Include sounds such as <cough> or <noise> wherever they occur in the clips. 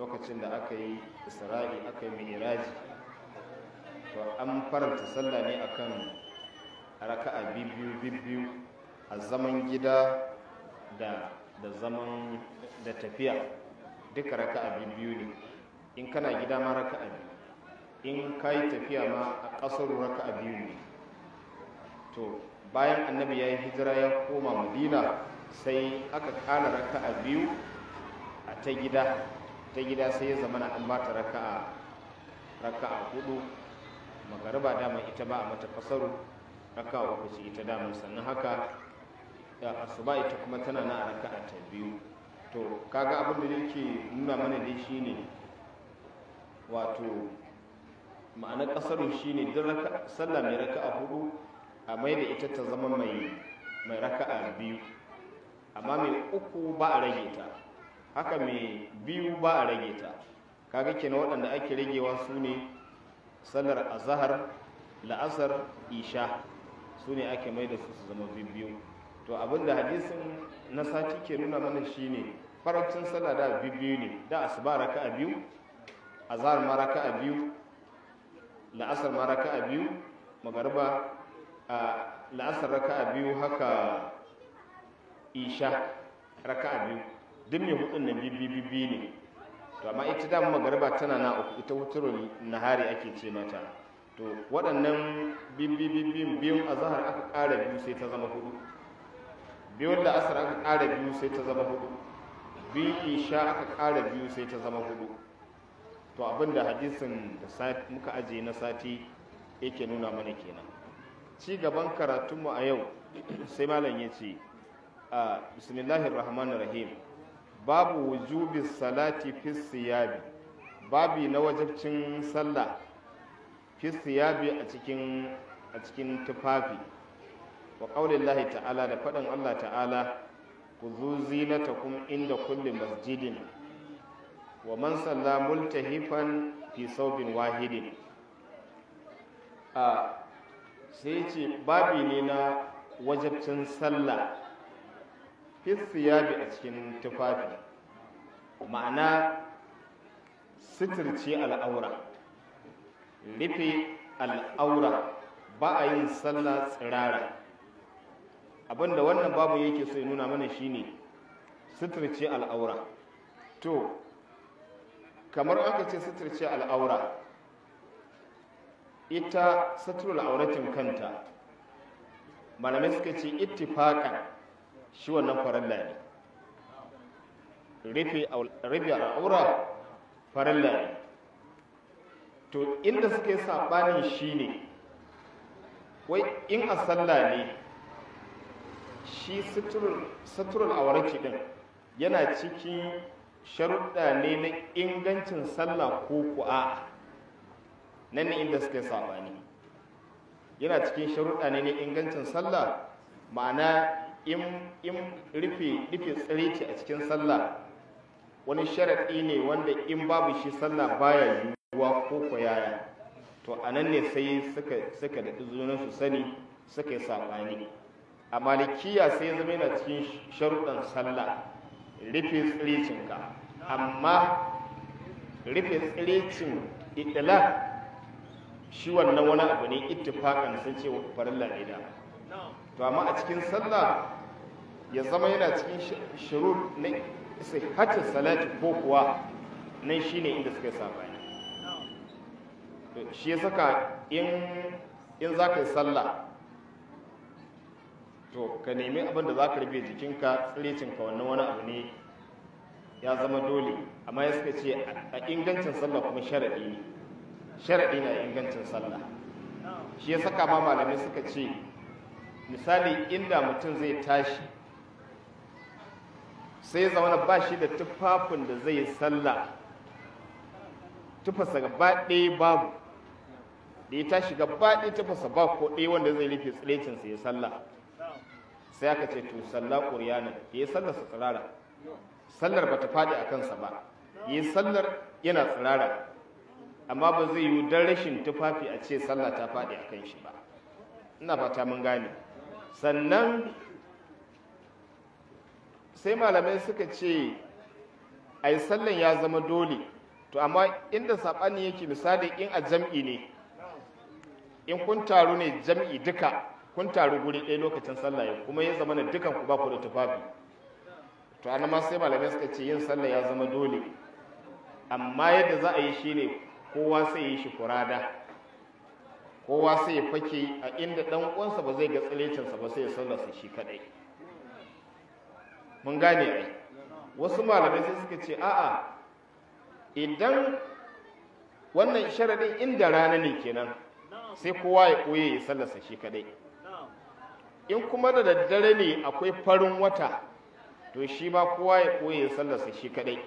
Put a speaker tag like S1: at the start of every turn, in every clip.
S1: lokacin da aka yi isra'i aka yi mi'iraji to an faranta sallah ne akan raka'a biyu biyu a zaman gida da da zaman da tafiya duka raka'a biyu ne in kana gida ma raka'a biyu in ka yi tafiya ma a ƙasar raka'a biyu ne to bayan annabi ya yi hijira ya koma madina sai aka kana raka'a biyu a ta gida ta gida sai ya zama na an ba ta raka'a raka'a hudu magariba dama ita ba a mata fasaru raka'a uku ce ita dama sannan haka asuba ita kuma tana na raka'a ta biyu to kaga abin da yake nuna mana dai shine wato ma'anar kasaru shine duk sallah mai raka'a hudu a mai da ita ta zama mai mai raka'a biyu amma mai uku ba a rage ta haka mai biyu ba a rage ta kaga kenan waɗanda ake ragewa su ne sallar azahar la'asar isha su ne ake mai da su su zama biyu to abinda hadisin na sati ke nuna mana shine farancin sallar da biyu ne da asuba raka a biyu azahar ma raka a biyu la'asar ma raka a biyu magarba a la'asar raka a biyu haka isha raka a biyu duk mai hutsun nan bibbi ne to amma ita da magarba tana na uku ita wutar nahari ake ce mata to waɗannan bibbi bibbin biyun azhar aka ƙara biyu sai ta zama hudu biyun da asar aka ƙara biyu sai ta zama hudu biyun isha aka ƙara biyu sai ta zama hudu to abinda hadisin da muka ajiye na sati yake nuna mana kenan ci gaban karatunmu a yau sai malam ya ce bismillahir rahmanir rahim babu wujubi salati fi siyabi babi na wajabcin sallah fi siyabi a cikin a cikin tufafi wa qaulillahi ta'ala da faɗin Allah ta'ala kuzu zinatakum inda kulli masjidin wa man salla multahifan fi saubin wahidin a ah, sai ce babi ne na wajabcin sallah bi a cikin tufafi ma'ana sitirci al'aura rufe al'aura ba a yin sallah tsirara abinda wannan babu yake so ya nuna mana shine sitirci al'aura to kamar aka ce sitirci al'aura ita suturul auratin kanta malamai suka ce ittifaqan shi wannan farilla ne rufe al'aura farilla ne to inda suke saɓani shi ne wai in a sallah ne shi suturar wurin ɗin yana cikin sharuɗa ne na ingancin sallah ko ku'a nan ne inda suke saɓani yana cikin sharuɗa ne na ingancin sallah ma'ana in rufe rufe a cikin sallah wani sharaɗi ne wanda in babu shi sallah baya yiwuwa ko kwayaya to a nan ne sai suka da izinin su sani suka yi saɓani a malikiya sai ya zama yana cikin sharuɗan sallah rufe tsiricinka amma rufe tsiricin idila shi wannan wani abu ne ittifakan sun ce farilla ne to amma a cikin sallah ya zama yana cikin shirur na isa sihhatin salati ko kuwa nan shi ne inda suka yi sabani shi ya saka in za ka yi sallah to ka nemi abin da za ka rabe jikinka tsirecinka wannan wani abu ne ya zama dole amma ya suka ce a ingancin sallah kuma sharaɗi ne sharaɗi na ingancin sallah shi ya saka ma malamai suka ce misali inda mutum zai tashi sai zamana ba shi da tufafin da zai sallah tufasa gaba ɗaya babu da ya tashi gaba ɗaya tufasa ba ko ɗaya wanda zai rufe tsilecinsa ya sallah sai aka ce to sallah ƙuryana da ya sallah sa tsirara sallar ba ta faɗi a kansa ba ya sallar yana tsirara amma ba zai yi don rashin tufafi a ce sallah ta faɗi a kan shi ba ina fata mun gane sannan sai malamai suka ce a yi sallan ya zama dole to amma inda saɓani yake misali in a jam'i ne in kun taru ne jam'i duka kun taru guri ɗaya lokacin sallah ya kuma ya zama na dukan ku ba ku da tufafi to ana ma sai malamai suka ce yin sallah ya zama dole amma yadda za a yi shine kowa sai yi shi kurada kowa sai ya fake a inda dan uwansa ba zai ga tsilecinsa ba sai ya sallasa shi kadai mun gane ai wasu malamai sai suka ce a'a idan wannan sharadin inda rana ne kenan sai kowa ya koye ya sallasa shi kadai in kuma da daddare ne akwai farin wata to shi ma kowa ya koye ya sallasa shi kadai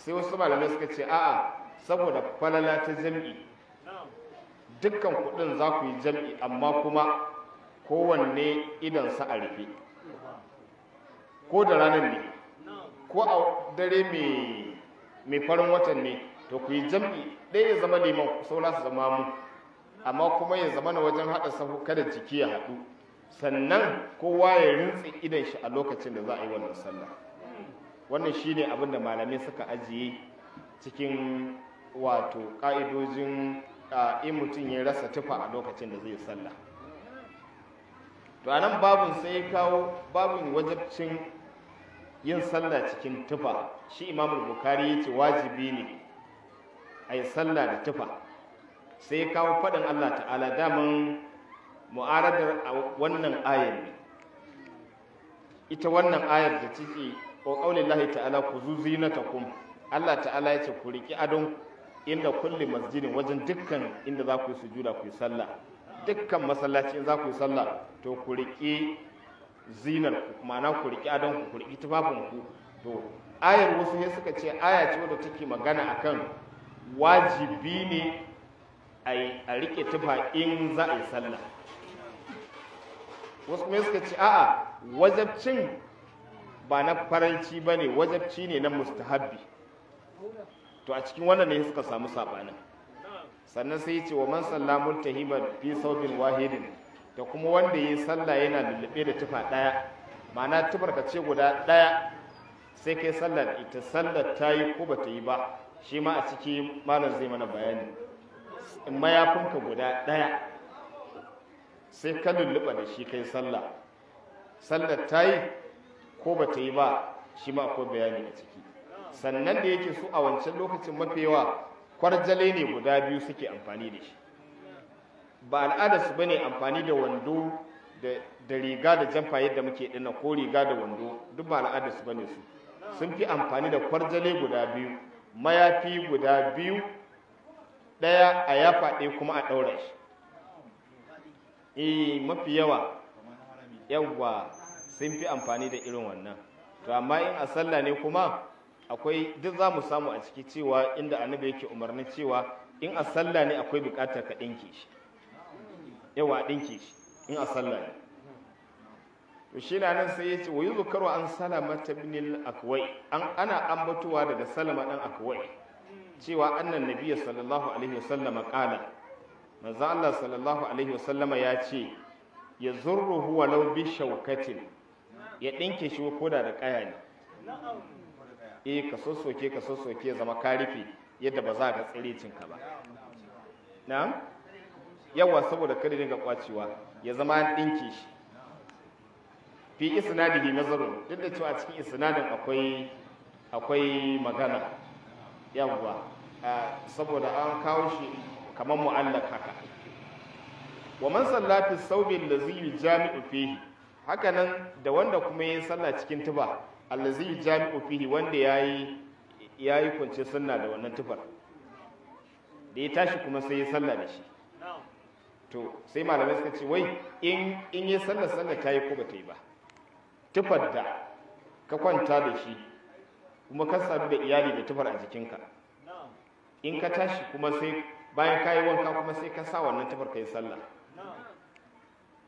S1: sai wasu malamai suka ce a'a saboda falala ta jam'i dukkan kuɗin za ku yi jam'i amma kuma kowanne idansa a rufe ko da ranar ne ko a dare mai farin watan ne to ku yi jam'i ɗaya ya zama neman saura su zama mu amma kuma ya zama na wajen haɗa sahu kada jiki ya haɗu sannan kowa ya rintse idan shi a lokacin da za a yi wannan sallah wannan shine abin da malamai suka ajiye cikin wato ƙa'idojin in mutum ya rasa tufa a lokacin da zai sallah to anan babun sai kawo babin wajabcin yin sallah cikin tufa shi imamul bukari ce wajibi ne a yi sallah da tufa sai ya kawo faɗin Allah ta'ala damin mu'aradar wannan ayar ne
S2: ita wannan ayar da ciki
S1: ko ƙaunin ta'ala ku zuzi na takum Allah ta'ala ya ce ku riƙi adon inda kulle masjidin wajen dukkan inda za ku yi sujuda ku yi sallah dukkan masallaci in za ku yi sallah to ku riƙi zinar ku ma'ana ku riƙi adon ku ku riƙi tufafin ku to ayar wasu ne suka ce aya ce wadda take magana akan wajibi ne a riƙe tufa in za a yi sallah wasu kuma suka ce a'a wajabcin ba na faranci ba ne wajabci ne na mustahabbi to a cikin wannan ne suka samu sabanin sannan sai ce wa man salla tahiban fi saubin wahidin da kuma wanda ya yi sallah yana lullube da tufa daya ma'ana tufar ka ce guda daya sai kai sallar ita sallar ta yi ko ba ta yi ba shi ma a ciki malam zai mana bayani in mayafinka guda daya sai ka lulluɓa da shi kai sallah sallar ta yi ko ba ta yi ba shi ma akwai bayani a ciki sannan da yake su a wancan lokacin mafewa kwarjale ne guda biyu suke amfani da shi ba al'ada su bane amfani da wando da riga da jamfa yadda muke dina ko riga da wando duk ba al'ada su bane su sun fi amfani da kwarjale guda biyu mayafi guda biyu ɗaya a yafa ɗaya kuma a ɗaura shi eh mafi yawa yawa sun fi amfani da irin wannan to amma in a sallah ne kuma akwai duk za mu samu a ciki cewa inda annabi yake umarni cewa in a sallah ne akwai bukata ka ɗinke shi yawa ɗinke shi in a sallah ne to shi na nan sai ya ce wayu zukaru an salama ta binil akwai an ana ambatuwa daga salama ɗan akwai cewa annan nabiya sallallahu alaihi wasallama ƙala manzo Allah sallallahu alaihi wasallama ya ce ya zurruhu walau bi shaukatin ya dinke shi ko da da ƙaya ne
S2: eh ka sossoke ka sossoke zama ka rufe yadda ba za ka
S1: tsire cinka ba na'am yawa saboda kada dinga kwacewa ya zama an dinke shi fi isnadihi nazaru duk da cewa cikin isnadin akwai akwai magana yawa saboda an kawo shi kamar mu'allaq haka wa man salla fi thawbi Jami'u yujami'u fihi hakanan da wanda kuma ya sallah cikin tuba allazi jami'u fihi wanda yayi yayi kunce sunna da wannan tufar da ya tashi kuma sai ya sallah da shi to sai malamai suka ce wai in in ya sallah sallah ta yi ko ba ta yi ba tufar da ka kwanta da shi kuma ka sadu da iyali da tufar a jikinka in ka tashi kuma sai bayan ka yi wanka kuma sai ka sa wannan tufar ka yi sallah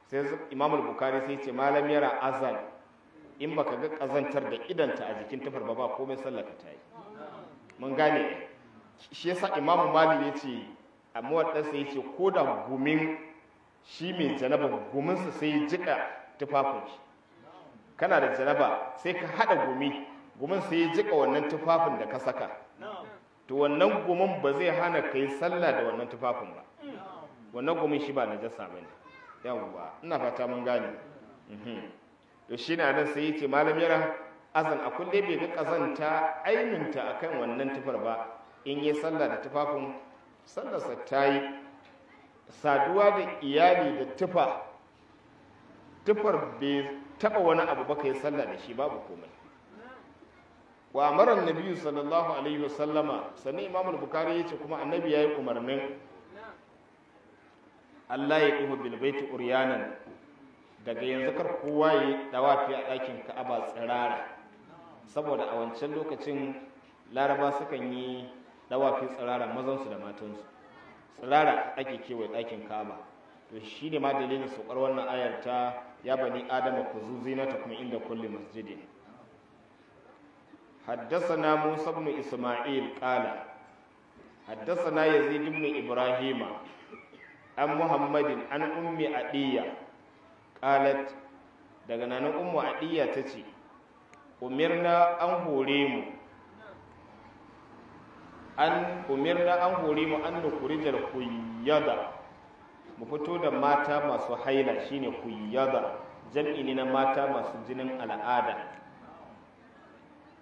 S1: sai imamul bukari sai ce malam yara azan in baka ga kazantar da idanta a jikin tufar ba ba komai sallaka ta yi mun gane shi yasa imamu malik ya ce a muwaddansa ya ce ko da gumin shi mai janaba guminsa sai ya jiƙa tufafin shi kana da janaba sai ka haɗa gumi gumin sai ya jiƙa wannan tufafin da ka saka to wannan gumin ba zai hana ka yi sallah da wannan tufafin ba wannan gumin shi ba najasa ba ne yawwa ina fata mun gane mhm. to shi na nan sai ce malam yara azan a kulle bai ga kazanta a akan wannan tufar ba in yi sallah da tufafin sallarsa ta yi saduwa da iyali da tufa tufar bai taba wani abu ba ka yi sallah da shi babu komai wa amaran biyu sallallahu alaihi wasallama sannan imam al-bukhari yace kuma annabi yayi umarnin Allah ya kuma bil baiti uryanan daga yanzu kar kowa ya dawafi a ɗakin ka'aba tsirara saboda a wancan lokacin laraba sukan yi dawafi tsirara mazansu da matansu tsirara ake kewaye ɗakin ka'aba to shi ne ma dalilin saukar wannan ayar ta ya bani adama ku ta kuma inda kulli masjidin haddasana musa بن isma'il قال haddasana yazid بن ibrahima an muhammadin an ummi adiya qalat daga nanin ummu adiya tace umirna an hore mu an umirna an hore mu an nukurijal kuyada mu fito da mata masu haila shine kuyada jam'i ne na mata masu jinin al'ada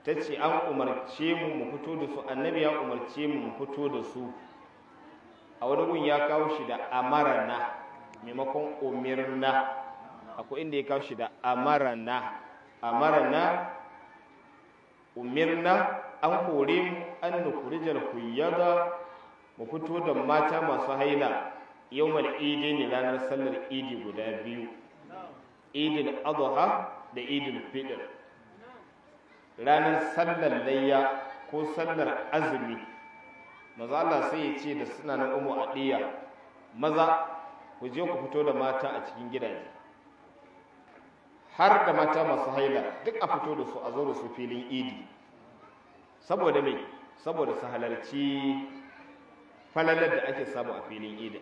S1: ta ce an umarce mu mu fito da su annabi ya umarce mu mu fito da su a wani gun ya kawo shi da amarana maimakon umirna akwai inda ya kawo da amarana amarana umirna an kore mu an nukurijal mu fito da mata masu haila yawmal idi ne ranar sallar idi guda biyu Idin adha da idin fitr ranar sallar layya ko sallar azumi maza Allah sai ya ce da suna na umu adiya maza ku je ku fito da mata a cikin gidaje har da mata masu haila duk a fito da su a zo su filin idi saboda me saboda su halarci falalar da ake samu a filin idi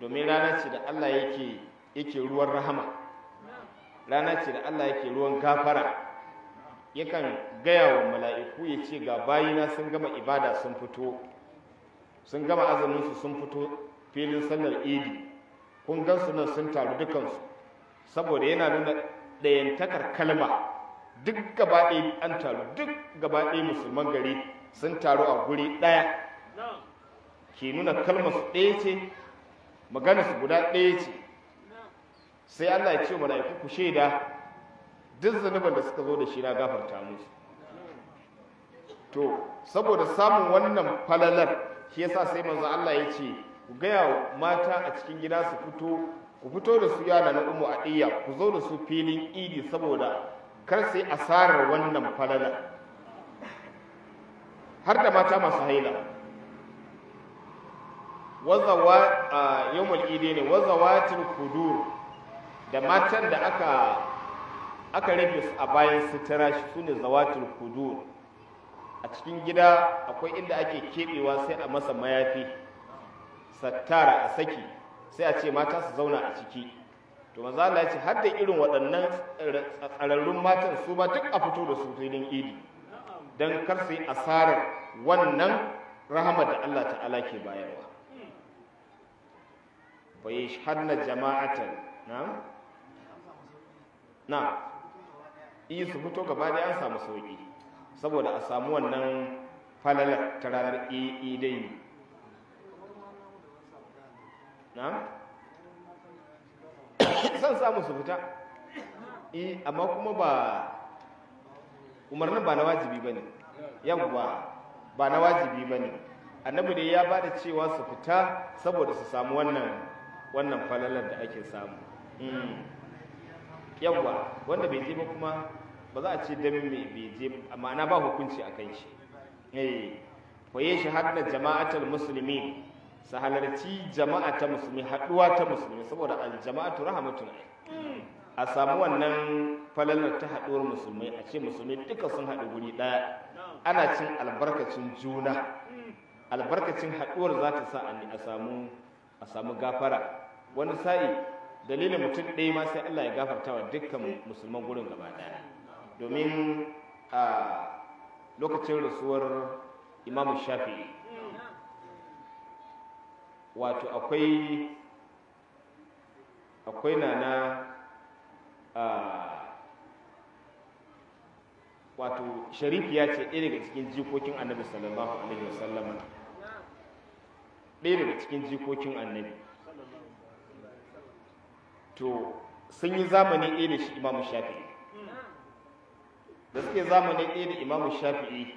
S1: domin rana ce da Allah yake yake ruwan rahama rana ce da Allah yake ruwan gafara yakan gaya wa mala'iku ya ce ga bayina sun gama ibada sun fito sun gama azuminsu sun fito filin sallar idi kun gansu nan sun taru dukansu saboda yana nuna ɗayantakar kalma duk gaba ɗaya an taru duk gaba ɗaya musulman gari sun taru a guri ɗaya ke nuna kalma su ɗaya ce magana su guda ɗaya ce sai Allah ya ce mala'iku ku shaida duk zanuban da suka zo da shi na gafarta musu to saboda samun wannan falalar shi yasa sai manzo Allah ya ce ku gaya mata a cikin gida su fito ku fito da su yana na umu a iya ku zo da su filin idi saboda kar sai asarar wannan falala har da mata masu haila wazawa a yawmul idi ne wazawatin kudur da matan da aka aka rabe su a bayan sitara shi sune zawatul kudur a cikin gida akwai inda ake keɓewa sai a masa mayafi sattara a saki sai a ce mata su zauna a ciki to manzo Allah ya ce har da irin waɗannan tsararrun matan su ba duk a fito da su filin idi dan kar su yi asarar wannan rahama da Allah ta'ala ke bayarwa fa yashhadna jama'atan na'am na iya su fito gaba da an samu sauki saboda a samu wannan falalar ta ranar idai na san <coughs> samu su fita eh amma kuma ba umarnin ba na wajibi ba ne. yawwa ba na wajibi ba ne. annabi ne ya bada cewa su fita saboda su samu wannan wannan falalar da ake samu hmm. yawwa wanda bai je ba kuma ba za a ce dami mai bai je amma na ba hukunci akan shi eh koye shi hadda jama'atar musulmi su halarci jama'a ta musulmi haɗuwa ta musulmi saboda aljama'atu rahmatun a samu wannan falalar ta haɗuwar musulmi a ce musulmi duka sun haɗu guri ɗaya ana cin albarkacin juna albarkacin haɗuwar za ta sa a a samu gafara wani sa'i dalilin mutum ɗaya ma sai Allah ya gafarta wa dukkan musulman gurin gaba ɗaya domin a lokacin rasuwar imamu shafi. wato akwai akwai na wato ya ce ɗaya daga cikin jikokin annabi sallallahu alaihi wasallam ɗaya daga cikin jikokin annabi to sun yi zamani ɗaya da shi imamu shafi'i da suke zamani ɗaya da imamu shafi'i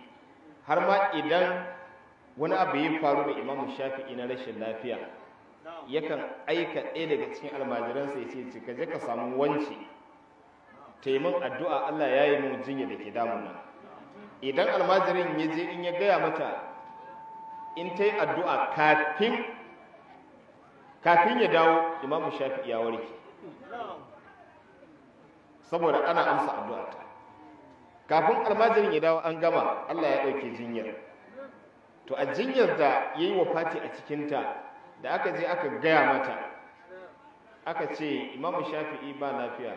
S1: har ma idan wani abu ya faru da imamu shafi'i na rashin lafiya yakan aika ɗaya daga cikin almajiransa ya ce ka je ka samu wanci taimin addu'a Allah ya yi mu jinya da ke damun nan idan almajirin ya je in ya gaya mata in ta yi addu'a kafin kafin ya dawo imamu shafi'i ya warke saboda ana amsa addu'a ta kafin almajirin ya dawo an gama Allah ya ɗauke jinyar to a jinyar da ya yi wa fati a cikinta da aka je aka gaya mata aka ce imamu shafi'i ba lafiya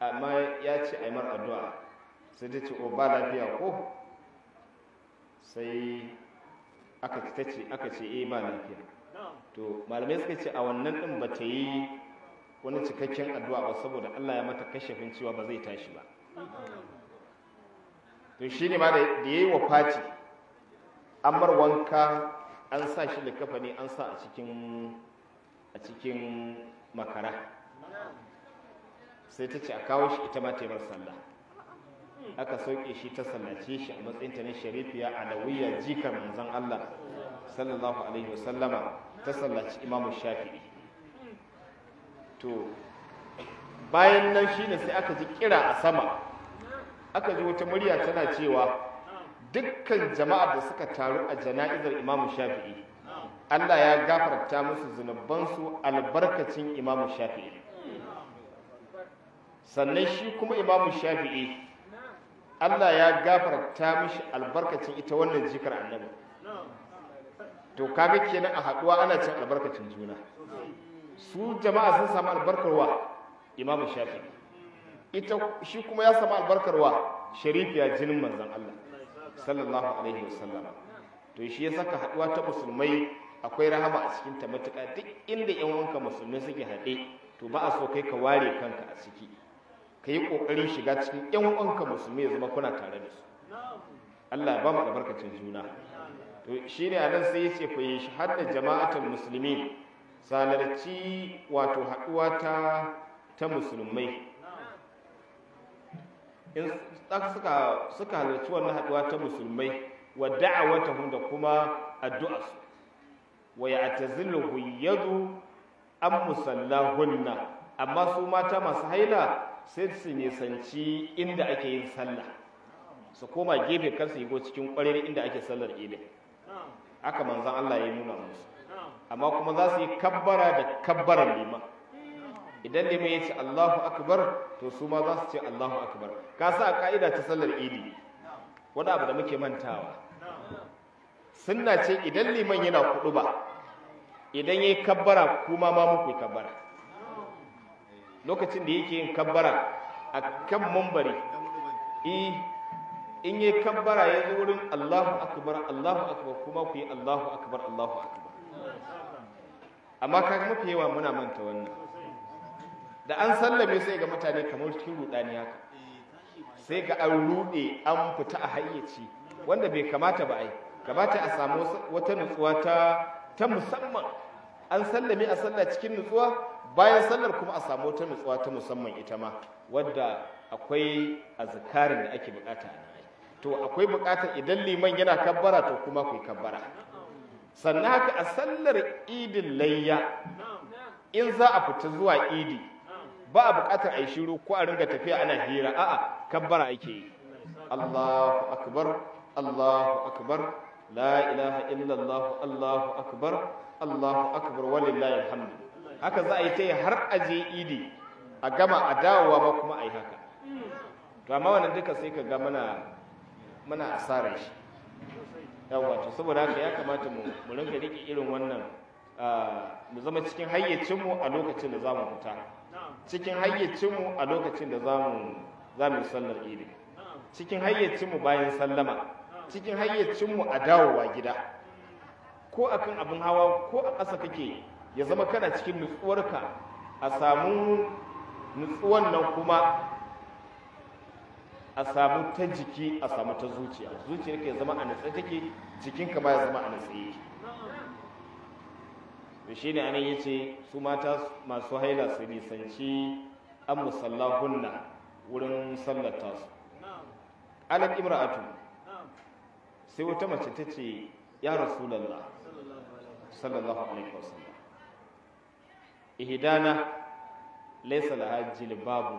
S1: amma ya ce aimar addu'a sai ta ce o ba lafiya ko sai aka ce aka ce eh ba lafiya to malamai suka ce a wannan din ba ta yi wani cikakken addu'a ba saboda Allah ya mata kashafin cewa ba zai tashi ba to shine ma da yayi wa fati an bar wanka an sa shi kafa ne an sa a cikin a cikin makara sai ta ce a kawo shi ita ma taimar sallah aka sauke shi ta sallace shi a matsayin ta na sharifiya alawiyya jikar manzon Allah sallallahu alaihi wasallama ta sallaci imamu shafi'i to bayan nan shine sai aka ji kira a sama
S2: aka ji wata murya tana cewa
S1: dukkan jama'a da suka taru a jana'izar imamu shafi'i Allah ya gafarta musu zunubansu albarkacin imamu shafi'i sannan shi kuma imamu shafi'i Allah ya gafarta mishi albarkacin ita wannan jikar annabi to kaga kenan a haɗuwa ana cin albarkacin juna su jama'a sun samu albarkarwa imamu shafi'i ita shi kuma ya samu albarkarwa sharifiya jinin manzon Allah sallallahu alaihi wasallam to shi ya saka haɗuwa ta musulmai akwai rahama a cikin ta matuƙa duk inda yan wanka musulmai suke haɗe to ba a so kai ka ware kanka a ciki ka yi ƙoƙarin shiga cikin yan wanka musulmai ya zama kuna tare da su Allah ba mu albarkacin juna to shi ne anan sai ya ce fa yi shahada jama'atul muslimin salarci wato haɗuwa ta ta musulmai in suka suka halarci wannan haduwa ta musulmai wa da'awatahum da kuma addu'a su wa ya'taziluhu An am musallahunna amma su mata masu haila sai su nisanci inda ake yin sallah su koma gefe kar su yigo cikin kwarar inda ake sallar ile haka manzon Allah ya nuna musu amma kuma za su yi kabbara da kabbaran liman idan ne mai yace Allahu akbar to su ma za su ce Allahu akbar ka sa ka'ida ta sallar idi wani abu da muke mantawa sunna ce idan liman yana kudu ba idan yayi kabbara kuma ma muku yi kabbara lokacin da yake yin kabbara a kan mambari in yi kabbara ya zo wurin Allahu akbar Allahu akbar kuma ku yi Allahu akbar Allahu akbar
S2: amma kaga mafi yawa muna manta wannan
S1: da an sallame sai ga mutane kamar cikin rudani haka sai ga an rude an fita a hayyaci wanda bai kamata ba ai kamata a samu wata nutsuwa ta musamman an sallame a sallah cikin nutsuwa bayan sallar kuma a samu wata nutsuwa ta musamman ita ma wadda akwai azkarin da ake bukata to akwai bukatar idan liman yana kabbara to kuma ku kabbara sannan haka a sallar idin layya in za a fita zuwa idi ba a buƙatar a yi shiru ko a ringa tafiya ana hira a'a kabbara ake yi Allahu akbar Allahu akbar la ilaha illallah Allahu akbar Allahu akbar walillahi alhamdu haka za a yi ta yi har aje idi a gama a dawowa ba kuma a yi haka to amma wannan duka sai ka ga mana mana asarar shi yawa to saboda haka ya kamata mu mu ringa rike irin wannan ah, mu zama cikin hayyacinmu a lokacin da za mu fita cikin hayyacinmu a lokacin da za mu yi sallar idi cikin hayyacinmu bayan sallama cikin hayyacinmu a dawowa gida ko a kan abin hawa ko a ƙasa kake ya zama kana cikin nutsuwarka a samu nutsuwan nan kuma a samu ta jiki a samu ta zuciya zuciyarka ya zama a nutsuwa take jikinka ba ya zama a natsa yake to shi ne anan yace su mata masu haila su nisanci an musallahunna wurin sallata su alal imra'atu sai wata mace ta ce ya rasulullah sallallahu alaihi wasallam ihdana laysa laha jilbabu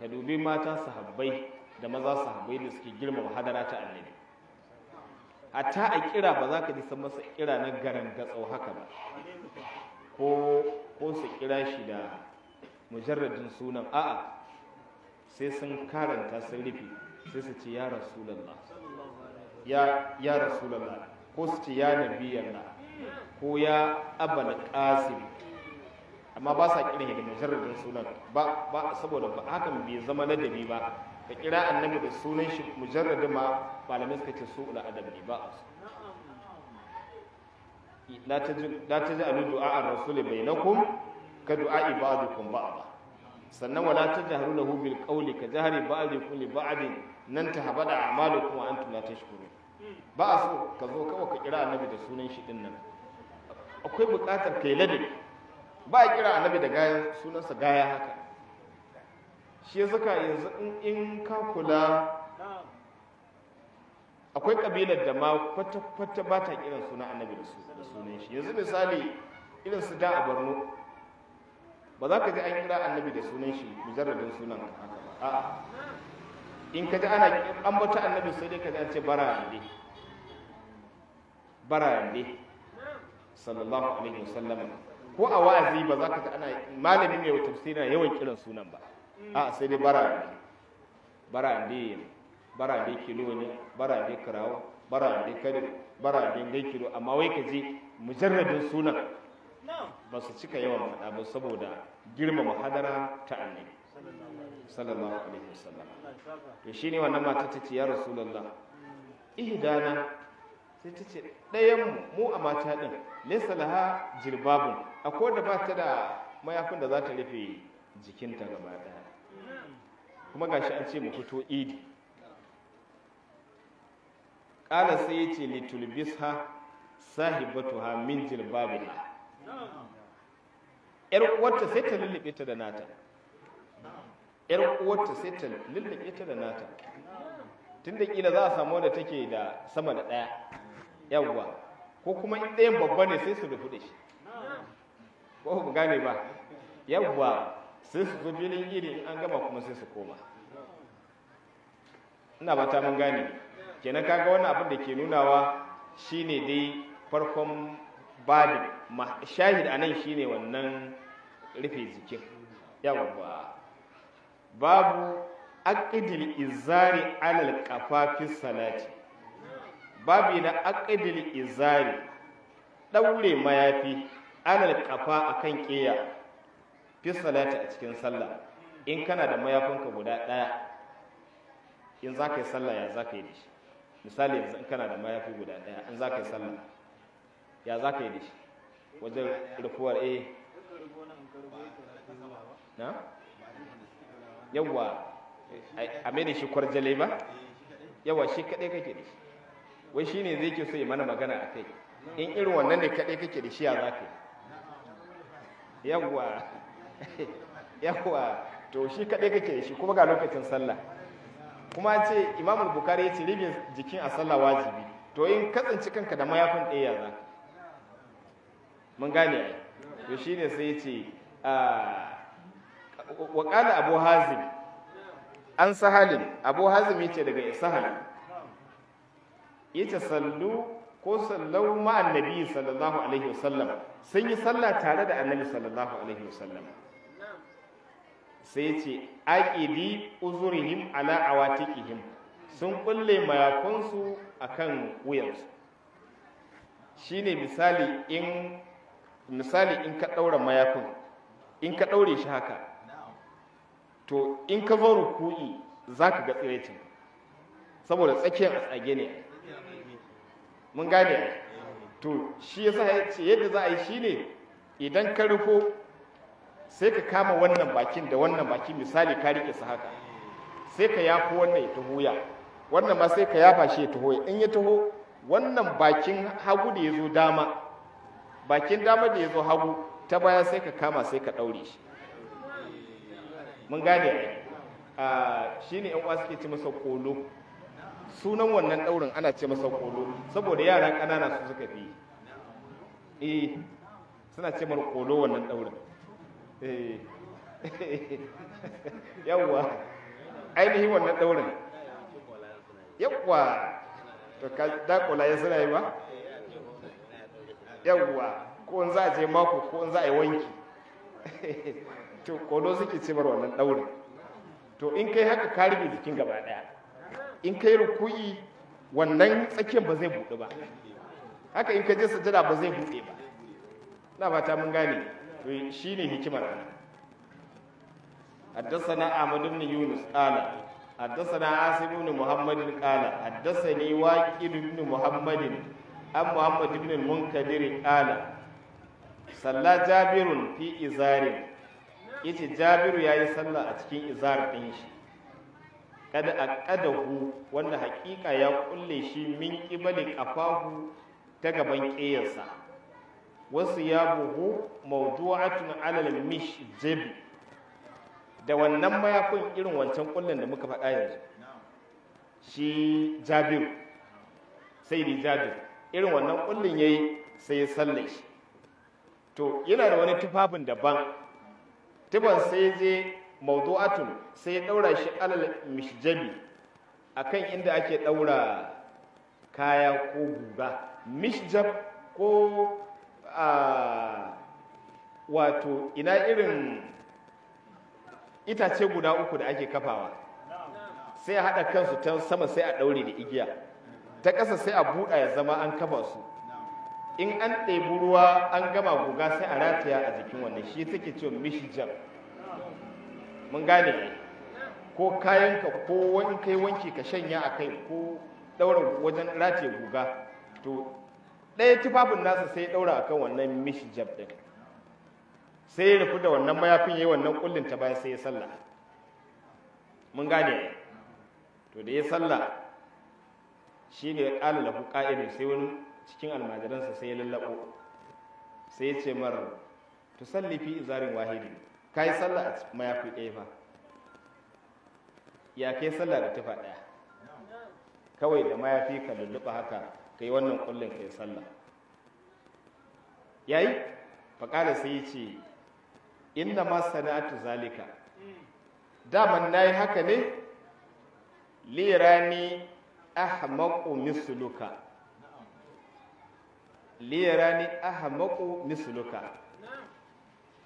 S1: ka dubi mata sahabbai da maza sahabbai da suke girmama hadara ta annabi ta a kira ba za ka ji masa kira na garan gatsau haka ba ko ko su kira shi da mujarradin sunan a'a sai sun karanta sun rufe sai su ce ya rasulallah ya ya rasulallah ko su ce ya nabiyallah ko ya abal qasim amma ba sa kiran da mujarradin sunan ba ba saboda ba hakan bai zama ladabi ba ka kira annabi da sunan shi mujarrada ma malamai suka ce su adab ne ba su la ta ji alu du'a ar-rasul bainakum ka du'a ibadukum ba sannan wala ta jahru lahu bil qawli ka jahri ba'dikum li ba'din nan ta habada a'malukum wa antum la tashkurun ba a so ka zo kawai ka kira annabi da sunan shi din nan akwai bukatar kai ladabi ba a kira annabi da gayan sunansa gaya haka shi zuka yanzu in ka kula akwai kabilar da ma kwata-kwata ba ta kiran suna annabi da sunan shi yanzu misali irin su da a borno ba za ka ji an kira annabi da sunan shi mujarradin sunan haka ba a'a in ka ji ana an bata annabi sai dai ka ji an ce bara yande sallallahu alaihi wasallam ko a wa'azi ba za ka ji ana malami mai tafsira yawan kiran sunan ba a ah, sai dai bara bara bi bara bi kilo ne bara bi karawo bara bi kare bara bi gai kilo amma wai ka je mujarradin sunan ba su cika yawan faɗa ba saboda girmama hadara ta annabi sallallahu alaihi wasallam to shine wannan mata ta ce ya rasulullah ihdana sai ta ce ɗayan mu mu a mata din laysa laha jirbabun akwai da ba ta da mayafin da za ta rufe jikinta gaba ɗaya kuma ga shi an ce mu fito idi ƙala sai ya ce litulbisha sahibatuha min jilbabina yar uwarta sai ta lullube ta da nata yar uwarta sai ta lullube ta da nata
S2: tunda kila za a samu wanda take
S1: da sama da ɗaya yawwa ko kuma in ɗayan babba ne sai su rufu da shi ko ku gane ba yawwa sai su zo iri an gama kuma sai su koma ina ba ta mun gane kenan kaga wannan abin da ke nunawa shine dai farkon babi shahid anan shine wannan rufe jikin yawa ba babu aqdil izari alal qafafi salati Babu na aqdil izari daure mayafi alal qafa akan ƙeya. fi salati a cikin sallah in kana da mayafinka guda ɗaya in za ka yi sallah ya za ka yi da shi misali yanzu in kana da mayafi guda ɗaya in za ka yi sallah ya za ka yi da shi wajen rufuwar a na yawwa a mene shi kwarjale ba yawwa shi kaɗai kake da shi wai shi ne zai ke so yi mana magana a kai in irin wannan ne kaɗai kake da shi ya za ka yi yawwa <laughs> yawa to shi kaɗai kake shi kuma ga lokacin sallah kuma ce imam bukari ya ce ribin jikin a sallah wajibi to in katsanci kanka da mayafin ɗaya za mun gane to shi ne sai ya ce ah, wa qala abu hazim an sahalin abu hazim ce daga ya ce sallu ko sallau ma'an nabi sallallahu alaihi wasallam sun yi sallah tare da annabi sallallahu alaihi wasallam sai ce aqidi uzurihim ala awatikihim sun kulle mayakunsu kan wuyansu Shi ne misali in ka ɗaura mayakun in ka ɗaure shi haka to in ka zo ruku'i ka ga tsirecin saboda tsakiyar tsage ne mun gane to shi ya ce yadda za a yi shi ne idan ka rufo sai ka kama wannan bakin da wannan baki misali ka rike su haka sai ka yafi wannan ya taho ya wannan ma sai ka yafa shi ya taho in ya taho wannan bakin hagu da ya zo dama bakin dama da ya zo hagu ta baya sai ka kama sai ka ɗaure shi mun gane a shi ne yan wasu suke ci masa kolo sunan wannan ɗaurin ana ce masa kolo saboda yara ƙanana su suka fi eh suna ce mar kolo wannan ɗaurin Eh. <laughs> yawwa ainihin wannan daurin yawwa to ka dakula ya suna yi ba yawwa ko in za a je mako ko in za a yi wanki <laughs> to kodo suke cimar wannan daurin to in kai haka ka rufe jikin gaba daya in kai rukuyi wannan tsakiyar ba zai buɗe ba haka in ka je sajada ba zai buɗe ba na fata mun gane to ne hikimar haddasa na amadun ni yunus kala haddasa na asibu ni muhammadin haddasa ni waƙil ni muhammadin an muhammad ibn munkadir kala salla jabirun fi izarin yace jabiru yayi sallah a cikin izar din shi kada a ƙadahu wanda hakika ya ƙulle shi min qibali kafahu ta gaban kiyarsa wasu ya buhu mawdu'atun alal mishjib da wannan mayafin irin wancan kullun da muka faɗa yanzu shi jabiru sai da jabiru irin wannan kullun yayi sai ya salle shi to yana da wani tufafin daban tufan sai je mawdu'atun sai ya daura shi alal mishjabi akan inda ake daura kaya ko guga mishjab ko a wato ina irin itace guda uku da ake kafawa sai a haɗa kansu ta sama sai a ɗaure da igiya ta ƙasa sai a buɗa ya zama an kafa su in an ɗebi ruwa an gama guga sai a rataya a jikin wannan shi take ce mishijan mun gane ko kayanka ko wani kai wanki ka shanya a kai ko ɗaura wajen rataye guga to ɗaya tufafin nasa sai ya ɗaura akan wannan mishi jab ɗin sai ya rufu da wannan mayafin yi wannan ƙullin ta baya sai ya sallah mun gane to da ya sallah ne ya ƙala lahu qa'idun sai wani cikin almajiransa sai ya lallabo sai ya ce mar salli fi izarin wahidi yi sallah a mayafi ɗaya fa ya kai sallah da tufa ɗaya kawai da mayafi ka lulluɓa haka kai wannan kullun kai sallah yayi Baƙara sai yace inna ma sana'atu zalika na nayi haka ne lirani ahmaqu misluka lirani ahmaqu misluka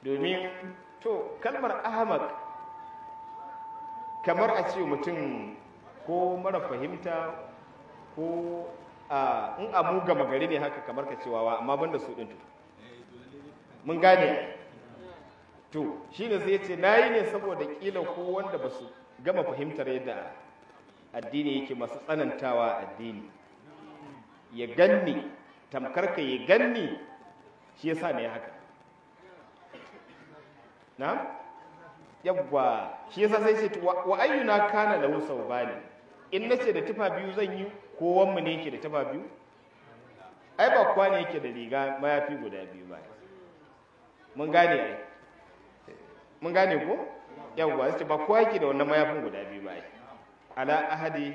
S1: domin to kalmar ahmaq kamar a ce mutum ko mara fahimta ko in abu gama gari ne haka kamar ka cewa wa amma banda su ɗin mun gane to shi ne zai ce na yi ne saboda ƙila ko wanda ba su gama fahimtar yadda addini yake masu tsanantawa addini ya ganni tamkar ka ya ganni shi yasa ne haka na yabba shi yasa sai ce wa ayyuna kana lahu ne in nace da tufa biyu zan yi kowanmu ne yake da tafa biyu ai ba kowa ne yake da riga mayafi guda biyu ba mun gane ai mun gane ko yawwa sai ba kowa yake da wannan mayafin guda biyu ba ai ala ahadi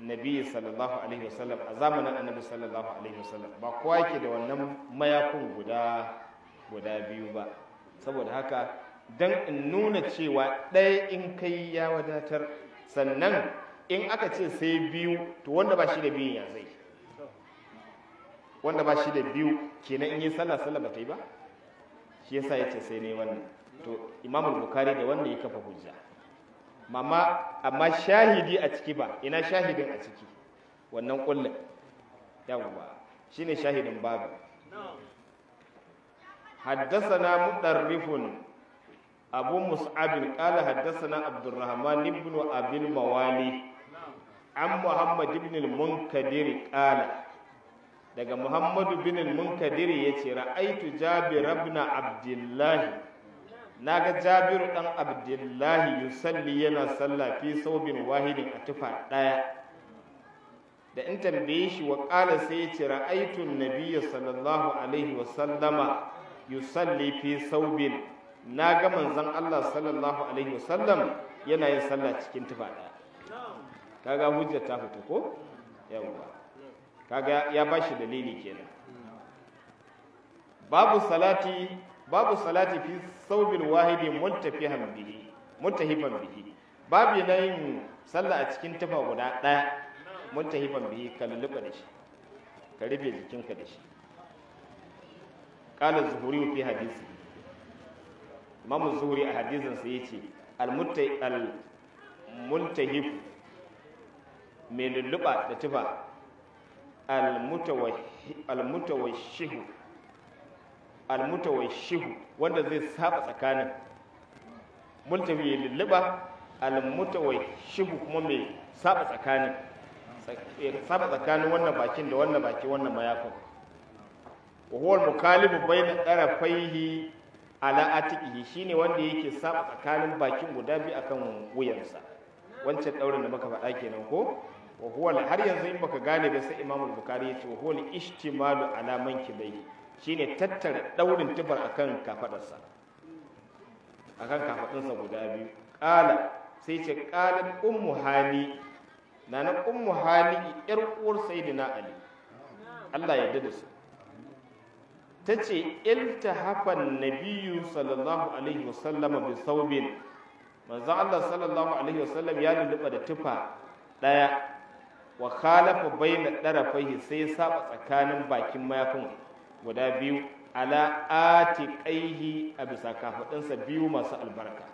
S1: nabi sallallahu alaihi wasallam a zamanin annabi sallallahu alaihi wasallam ba kowa yake da wannan mayafin guda guda biyu ba saboda haka dan in nuna cewa ɗaya in kai ya wadatar sannan in aka ce sai biyu to wanda ba shi da biyun ya zai wanda ba shi da biyu kenan in yi sallah sallah ba ta yi ba shi yasa ya ce sai ne wannan to imamul bukari da wanda ya kafa hujja mama amma shahidi a ciki ba ina shahidin a ciki wannan kullum yawwa shine shahidin babu حدثنا مطرف أبو مصعب قال حدثنا عبد الرحمن بن أبي الموالي an muhammad ibn al-munkadir qala daga muhammad ibn al-munkadir yace ra'aitu jabir ibn abdullah naga jabir dan abdullah yusalli yana salla fi saubin wahidin a tufa daya da in tambaye shi wa kala sai yace ra'aitu an-nabiy sallallahu alaihi wa sallama yusalli fi saubin naga manzon Allah sallallahu alaihi wa sallam yana yin sallah cikin tufa daya kaga hujjar ta fito ko yawa kaga ya bashi dalili kenan babu salati babu salati fi sawbil wahidi muntafihan bihi muntahiban bihi babu na yin sallah a cikin tafa guda ɗaya muntahiban bihi ka da shi ka rufe jikinka da shi qala zuhuri fi hadisi imam zuhuri a hadisin sa yace al al muntahib mai lulluɓa da tufa almutawai shihu wanda zai saba tsakanin multafi ya lulluɓa shihu kuma mai saba tsakanin saba tsakanin wannan bakin da wannan baki wannan mayakon wahuwar huwa bai na bayna tarafaihi ala shi ne wanda yake saba tsakanin bakin guda biyu akan wuyansa wancan ɗaurin da muka faɗa kenan ko wa huwa har yanzu in baka gane ba sai Imam Bukhari yace wa huwa ishtimalu ala mankibai shine tattara daurin tubar akan kafadarsa akan kafadunsa guda biyu qala sai ce qala ummu hani nana ummu hani yar uwar sayyidina ali Allah ya da su tace iltahafan nabiyyu sallallahu alaihi wasallam bi thawbin manzo Allah sallallahu alaihi wasallam ya lulluɓa da tufa ɗaya wa khalafa bayna darafaihi sai ya saba tsakanin bakin mayafin guda biyu ala atiqaihi a bisa kafadinsa biyu masu albarka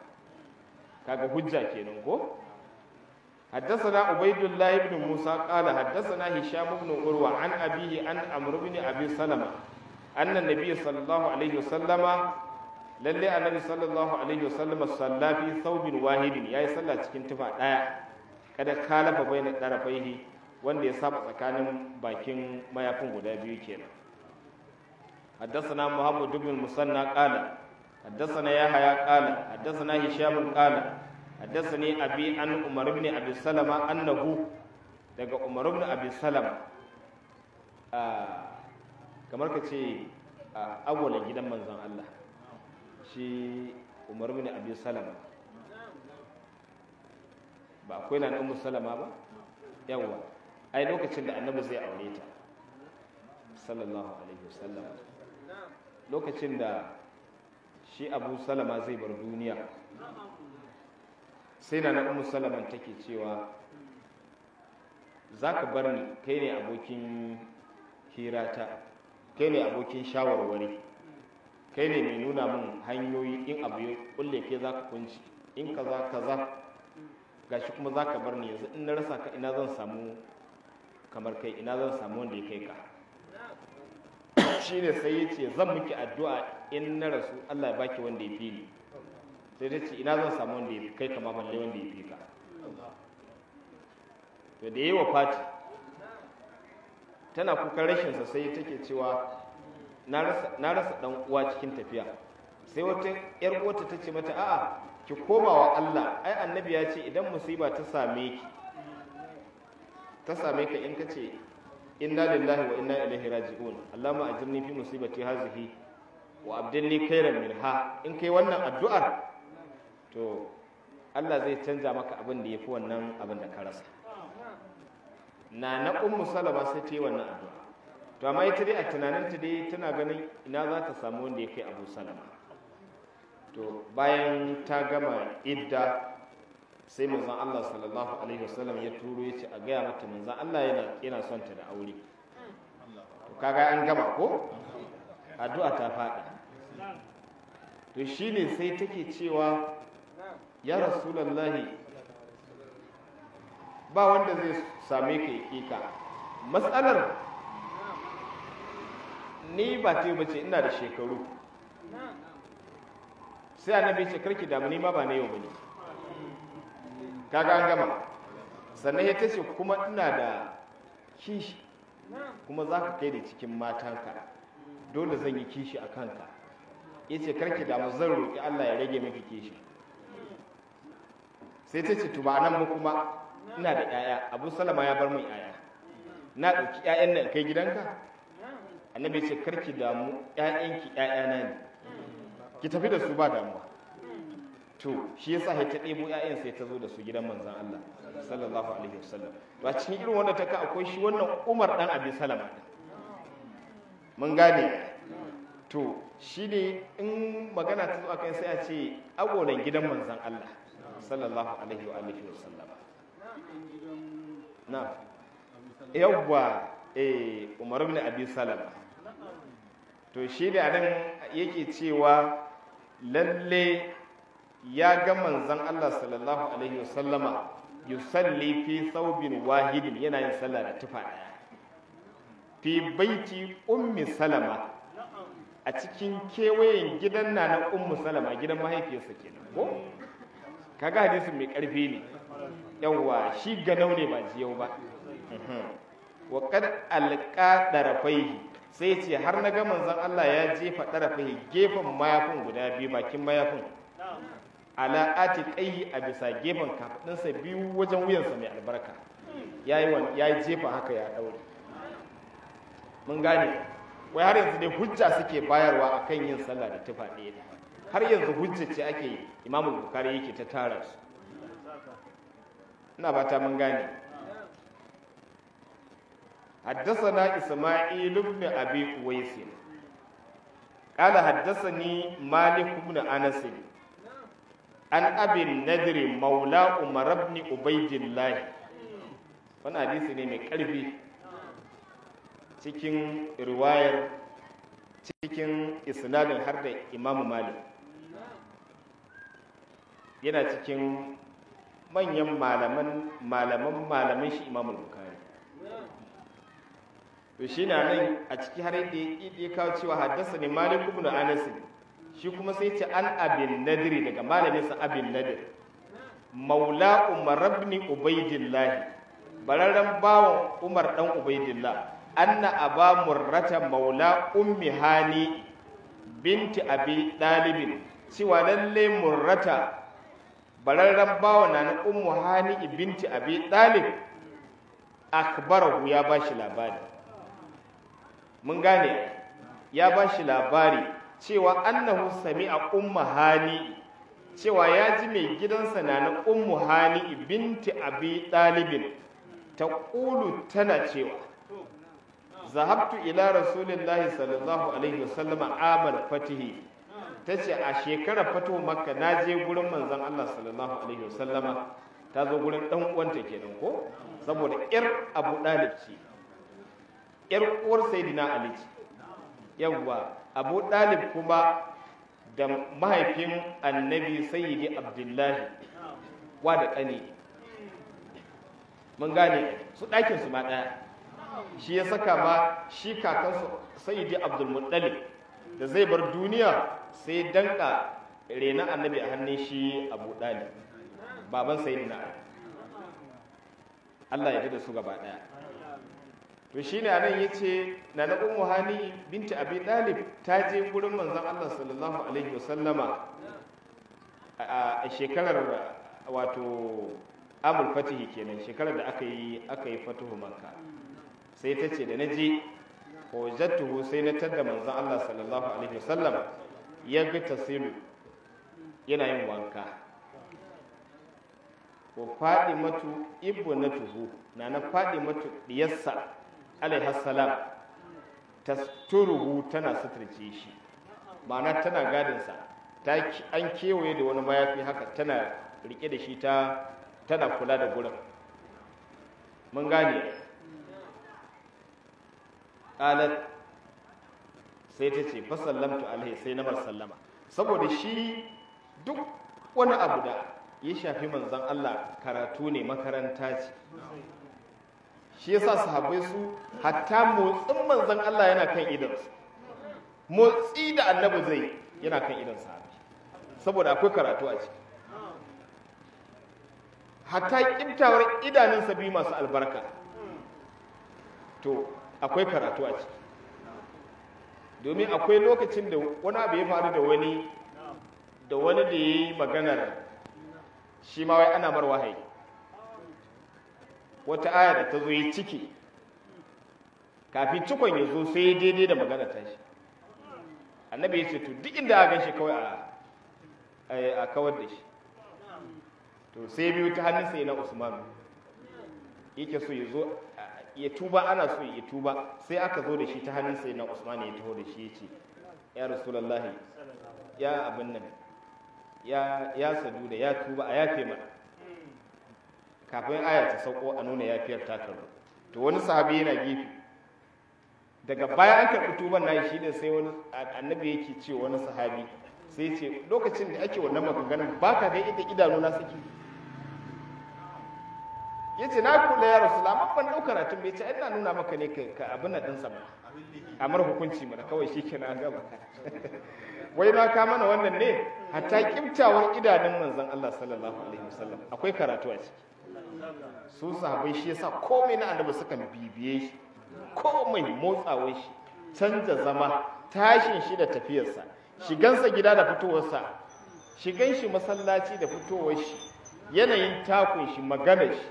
S1: kaga hujja kenan ko حدثنا عبيد الله بن موسى قال حدثنا هشام بن عروة عن أبيه عن عمرو بن أبي سلمة أن النبي صلى الله عليه وسلم للي النبي صلى الله عليه وسلم صلى في ثوب واحد يا صلى تفا kada lafa bai na ɗarafaihi wanda ya saba tsakanin bakin mayafin guda biyu kenan حدثنا محمد بن المثنى قال حدثنا يحيى قال حدثنا هشام قال حدثني أبي عن عمر بن أبي سلمة أنه daga Umar ibn Abi Salama ah, kamar ka ce ah, gidan manzon Allah shi Umar ibn Salama ba akwai na ummu salama ba yawa ai lokacin da annabi zai aure ta sallallahu alaihi wasallam lokacin da shi abu salama zai bar duniya sai na na ummu salaman take cewa za ka bar ni kai ne abokin hirata kai ne abokin shawarwari kai ne mai nuna min hanyoyi in abu ya kulle ke za ka kunci in kaza kaza gashi kuma za ka bar ni yanzu in na rasa ka ina zan samu kamar kai ina zan samu wanda ya kai ka shine sai ya ce zan miki addu'a in na rasu Allah ya baki wanda ya fi ni sai ya ce ina zan samu wanda ya kai kama balle wanda ya fi ka to da yayi wafati tana kukan rashin sa sai take cewa na rasa na rasa dan uwa cikin tafiya sai wata yar uwarta tace mata a'a ki koma wa Allah ai annabi ya ce idan musiba ta same ki ta same ka in kace inna lillahi wa inna ilaihi raji'un Allahumma ajirni fi musibati hazihi wa abdilni khairan minha in kai wannan addu'ar to Allah zai canza maka abin da yafi wannan abin da ka rasa na na ummu salama sai ta yi wannan addu'a to amma ita dai a tunaninta dai tana ganin ina za ta samu wanda ya kai abu salama to bayan ta gama idda sai manzon Allah sallallahu alaihi wasallam ya turo yace a gaya mata manzon Allah yana yana son ta da aure to kaga an gama ko addu'a ta faɗi to shine sai take cewa ya rasulullahi ba wanda zai same ka kika matsalar ni ba ta bace ina da shekaru sai annabi ce karki damu ni ma ba na yau bane kaga an gama sannan ya tace kuma ina da kishi kuma za ka kai da cikin matanka dole zan yi kishi a kanka
S2: ya ce karki damu zan roƙi Allah
S1: ya rage miki kishi sai ta ce nan mu kuma ina da 'ya'ya abu salama ya bar min 'ya'ya na ɗauki 'ya'yan nan kai gidanka annabi ce karki damu 'ya'yanki 'ya'yana ne ki tafi da su ba damuwa to shi yasa sa ta ɗebo ‘ya’yan sai ta zo da su gidan manzan Allah sallallahu alaihi wasallam to a cikin irin wanda ta ka akwai shi wannan Umar ɗan Abi Salama mun gane to shi ne in magana ta zo a kai sai a ce agonan gidan manzan Allah sallallahu alaihi wa alihi wasallam na yawwa eh Umar ibn Abi Salama to shi ne nan yake cewa lalle ya ga manzon Allah sallallahu alaihi wasallama yusalli fi thawbin wahidin yana yin sallah da tufa daya fi baiti ummi salama a cikin kewayen gidan na na ummu salama gidan mahaifiyarsa kenan ko kaga hadisin mai karfi ne Yawa shi ga ne ba jiyau ba uhm. wa qad alqa darafaihi sai ce har na ga manzon Allah ya jefa ɗarafi gefen mayafin guda biyu bakin mayafin ala ati kai a bisa gefen kafaɗinsa biyu wajen wuyansa mai albarka ya yi jefa haka ya ɗaure mun gane wai har yanzu dai hujja suke bayarwa a kan yin sallah da tufa ɗaya har yanzu hujja ce ake imamu bukari yake ta tara su ina ba ta mun gane حدثنا إسماعيل بن أبي قويس قال حدثني مالك بن أنس عن أبي النذر مولى عمر بن عبيد الله وانا حديث نمي قلبي cikin riwayar cikin isnadin har da imam malik yana cikin manyan malaman malaman malaman shi imamul bukhari to shi na nan a ciki har ya kawo cewa haddasa ne malik ibn anas shi kuma sai ce an abin nadiri daga malamin sa abin nadir maula umar ibn ubaidillah bararren bawan umar dan ubaidillah anna aba murrata maula ummi hani binti abi dalibin cewa lalle murrata bararren bawan na ummu hani binti abi dalib akbarahu ya bashi labari mun gane ya ba shi labari cewa annahu a Umma hani cewa ya ji mai gidansa na na ummu hani binti abi dalibin ta ƙulu tana cewa zahabtu ila rasulillahi sallallahu alaihi wasallama amal fatihi ta ce a shekarar fito makka na je gurin manzon Allah sallallahu alaihi wasallama ta zo gurin ɗan uwanta kenan ko saboda 'yar abu ɗalib ce yar uwar sayyidina ali ce yawwa abu dalib kuma da mahaifin annabi sayyidi abdullahi wa da kane mun gane su ɗakin su ma ɗaya shi ya saka ma shi kakansu sayyidi abdulmuttalib da zai bar duniya sai danka rena annabi a hannun shi abu ɗalib baban sayyidina Allah ya da su gaba ɗaya to ne anan ce na na ummu hani binti abi dalib ta je gurin manzon Allah sallallahu alaihi wasallama a shekarar wato amul fatihi kenan shekarar da aka yi aka yi fatuhu makka sai ta ce da na je hujjatuhu sai na tadda manzon Allah sallallahu alaihi wasallama ya ga tasiru yana yin wanka ko fadi matu ibnatuhu na na fadi matu diyassa alaihassalam tasturuhu tana suturce shi ma'ana tana gadinsa ta an kewaye da wani mayafi haka tana rike da shi tana kula da gurin mun gane qalat sai ta ce fa sallamtu alaihi sai na sallama saboda shi duk wani abu da ya shafi manzon Allah karatu ne makaranta ce shi yasa sahabbai su hatta motsin manzon Allah yana kan su, motsi da annabi zai yana kan idan sahabi saboda akwai karatu a ciki hatta kimtawar idanun sabi masu albarka to akwai karatu a ciki domin akwai lokacin da wani abu ya faru da wani da wani da ya yi maganar shi ma wai ana mar wahayi wata aya da ta zo yi ciki kafin cikon ya zo sai ya daidai da magana ta shi annabi ya ce to duk inda a ganshi kawai a kawar da shi to sai biyu ta hannun sai na usman
S2: yake so ya zo ya tuba ana so ya tuba sai aka zo da shi ta hannun sai na
S1: usman ya taho da shi ya ce ya rasulullahi ya abin nan ya sadu da ya tuba a yafe mana kafin ayar ta sauko a nuna yafiyar takar to wani sahabi yana gefe daga baya an karɓi tuban nan shi ne sai wani annabi yake ce wani sahabi sai ce lokacin da ake wannan maganganun ba ka ga idanu idanuna suke ya ce na kula ya rasu lamar ban ɗaukar karatun bai ce ina nuna maka ne ka abin na ɗinsa ba a mara hukunci mana kawai shi ke na gaba <laughs> wai na ka mana wannan ne hatta kimtawar idanun manzon Allah sallallahu alaihi wasallam akwai karatu a ciki su sahabai shi yasa komai na annabi sukan bibiye shi komai motsawar shi canza zama tashin shi da tafiyarsa shigansa gida da fitowarsa shigan shi masallaci da fitowar shi yanayin takun shi maganar shi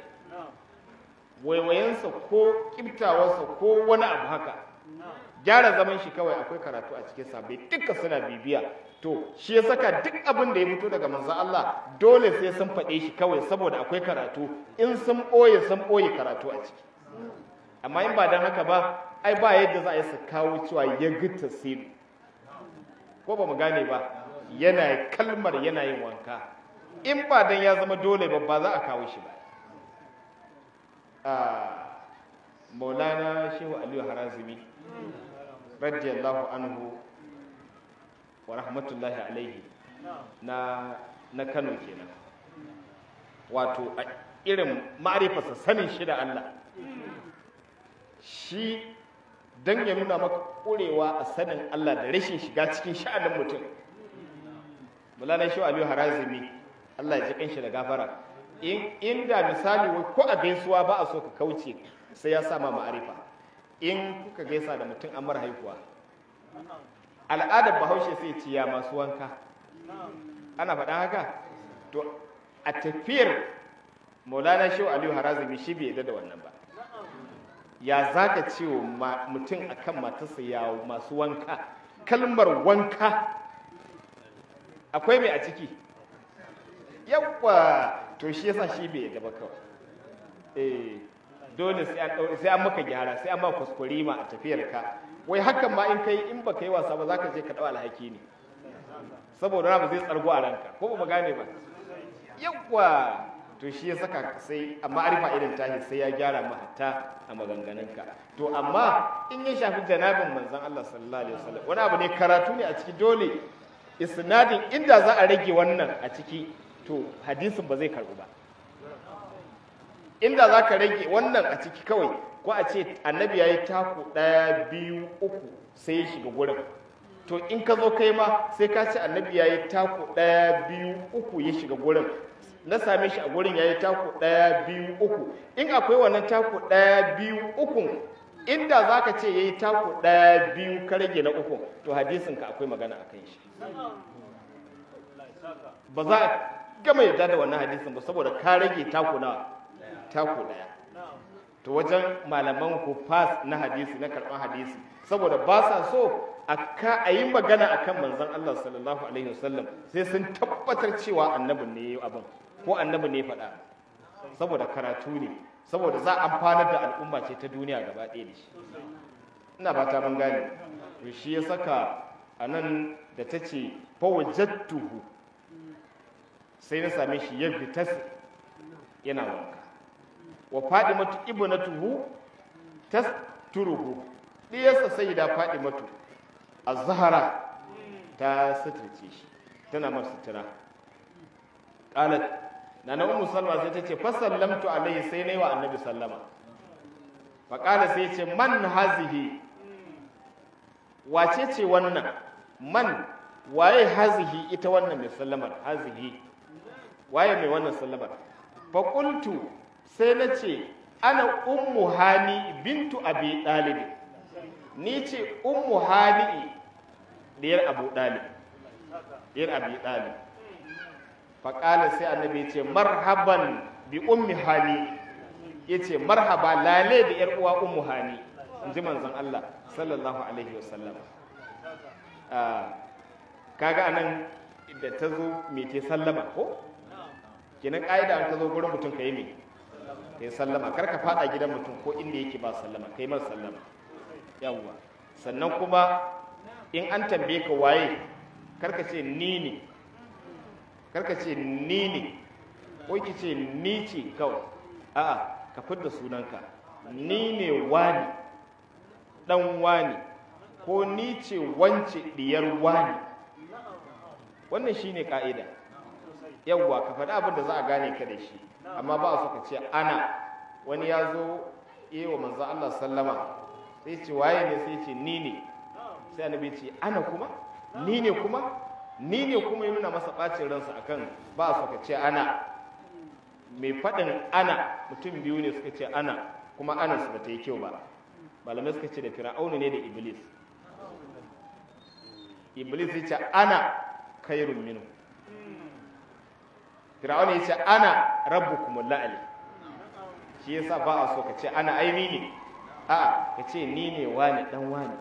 S1: waiwayensa ko kiftawarsa ko wani abu haka gyara zaman shi kawai akwai karatu a cikin sabai duka suna bibiya to shi ya saka duk abin da ya fito daga manzan Allah dole sai sun faɗe shi kawai saboda akwai karatu in sun ɓoye sun ɓoye karatu a ciki amma in ba don haka ba ai ba yadda za a yi su kawo cewa ya gita siru ko ba mu gane ba yana kalmar yana yin wanka in ba don ya zama dole ba ba za a kawo shi ba ah, maulana shehu aliyu harazimi radiyallahu anhu wa rahmatullahi alaihi na na Kano kenan wato a irin ma'arifarsa sanin shi da Allah shi dan ya nuna maka kurewa a sanin Allah da rashin shiga cikin sha'anin mutum mulana shi aliyu harazimi Allah ya ji kanshi da gafara in inda misali wai ko a gaisuwa ba a so ka kauce sai ya sama ma'arifa in kuka gaisa da mutum an mara haihuwa al'adar bahaushe sai ce ya masu wanka ana faɗin haka to a tafiyar maulana shehu aliyu harazumi shi bai yadda da wannan ba ya za ka ce wa mutum a kan matarsa ya masu wanka kalmar wanka akwai mai a ciki yawwa to shi yasa shi bai yarda ba kawai eh dole sai an maka gyara sai an ba kuskure ma a tafiyar ka wai hakan ma in kai in ka yi wasa ba za ka je ka ɗau alhaki ne saboda na ba zai tsargo a ranka ko ba gane ba yawwa to shi ya saka sai amma arifa irin tahi sai ya gyara mu hatta a maganganunka to amma in ya shafi janabin manzon Allah sallallahu alaihi wasallam wani abu ne karatu ne a ciki dole isnadin inda za a rage wannan a ciki to hadisin ba zai karbu ba inda za ka rage wannan a ciki kawai ko a ce annabi ya yi taku ɗaya biyu uku sai ya shiga gurin to in ka zo kai ma sai ka ce annabi ya yi taku ɗaya biyu uku ya shiga gurin na same shi a gurin ya yi taku ɗaya biyu uku in akwai wannan taku ɗaya biyu uku inda za ka ce ya yi taku ɗaya biyu ka rage na uku to hadisinka akwai magana a kan shi ba za a gama yadda da wannan hadisin ba saboda ka rage taku na taku ɗaya to wajen malaman hufas na hadisi na karɓar hadisi saboda ba sa so a yi magana a kan manzon Allah sallallahu alaihi wasallam sai sun tabbatar cewa annabin ne yi abin ko annabin ne faɗa saboda karatu ne saboda za a amfanar da al'umma ce ta duniya gaba ɗaya da shi ina ta mun gane to shi ya saka a nan da ta ce fawajattuhu sai na same shi ya yana wanka wa fadimatu ibnatuhu tasturuhu diyarsa sayyida fadimatu az-zahra ta suturce shi tana mar sutura qalat nana ummu salma sai tace fa sallamtu alayhi sai nayi wa annabi sallama fa qala sai ce man hazihi wace ce wannan man waye hazihi ita wannan mai sallamar hazihi waye mai wannan sallamar fa qultu sai na ce ana ummu hani bintu abi ɗalibi ni ce ummu hani ɗiyar abu ɗalibi ɗiyar abi ɗalibi faƙala sai annabi ya ce marhaban bi ummi hani ya ce marhaba lale da ‘yar uwa ummu hani in ji manzon Allah sallallahu alaihi wasallam ah, kaga anan da ta zo mai ke sallama ko kinan ƙa'ida an ta zo gurin mutum ka yi mai kai sallama kar ka fada gidan mutum ko inda yake ba sallama kai mar sallama yawwa sannan kuma in an tambaye ka waye kar ka ce ni ne kar ka ce ni ne ko ki ce ni ce kawai a'a ka da sunanka ni ne wani dan wani ko ni ce wance diyar wani wannan shine ka'ida yawwa ka faɗi abin da za a gane ka da shi amma ba suka ce ana wani ya zo yi wa manzan Allah sallama sai ce waye ne sai ce ni ne sai annabi ce ana kuma ni ne kuma ni ne kuma ya nuna masa bacin ransa akan ba suka ce ana mai faɗin ana mutum biyu ne suka ce ana kuma ana su bata yi kyau ba malamai suka ce da fir'aunu ne da iblis iblis ya ce ana kairun minu fir'auna ya ce ana rabbukum la'ali shi yasa ba a so ka ce ana aimi ne a'a ka ce ni ne wani dan wani